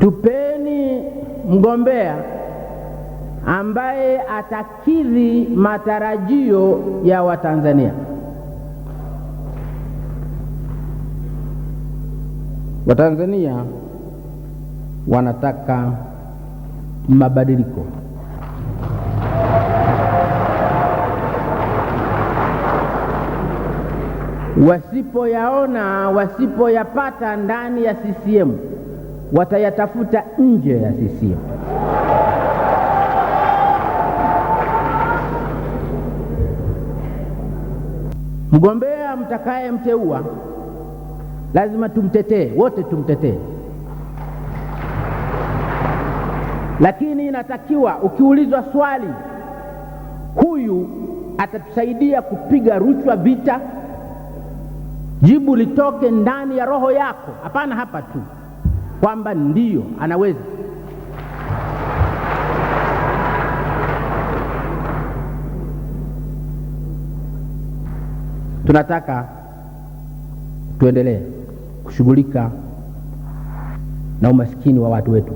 tupeni mgombea ambaye atakidhi matarajio ya Watanzania. Watanzania wanataka mabadiliko. Wasipoyaona, wasipoyapata ndani ya CCM watayatafuta nje ya CCM. Mgombea mtakayemteua lazima tumtetee wote, tumtetee lakini inatakiwa ukiulizwa swali, huyu atatusaidia kupiga rushwa vita, jibu litoke ndani ya roho yako, hapana hapa tu kwamba ndiyo anaweza. Tunataka tuendelee kushughulika na umaskini wa watu wetu,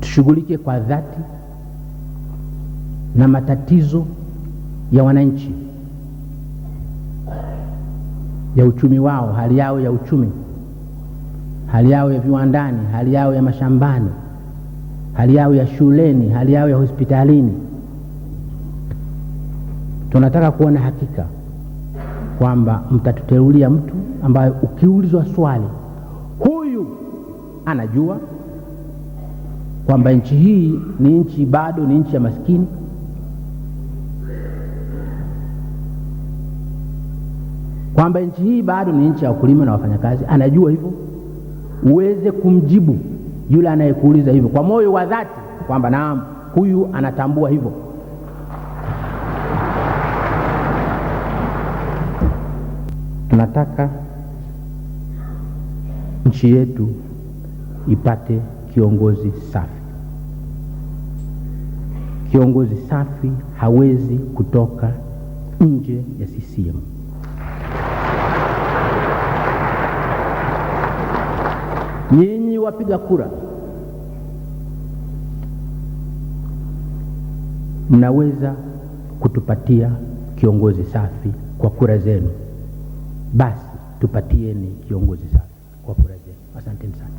tushughulike kwa dhati na matatizo ya wananchi ya uchumi wao, hali yao ya uchumi, hali yao ya viwandani, hali yao ya mashambani, hali yao ya shuleni, hali yao ya hospitalini. Tunataka kuona hakika kwamba mtatuteulia mtu ambaye ukiulizwa swali, huyu anajua kwamba nchi hii ni nchi bado ni nchi ya maskini kwamba nchi hii bado ni nchi ya wakulima na wafanyakazi, anajua hivyo, uweze kumjibu yule anayekuuliza hivyo kwa moyo wa dhati kwamba naam, huyu anatambua hivyo. Tunataka nchi yetu ipate kiongozi safi. Kiongozi safi hawezi kutoka nje ya CCM. nyinyi wapiga kura mnaweza kutupatia kiongozi safi kwa kura zenu, basi tupatieni kiongozi safi kwa kura zenu. Asanteni sana.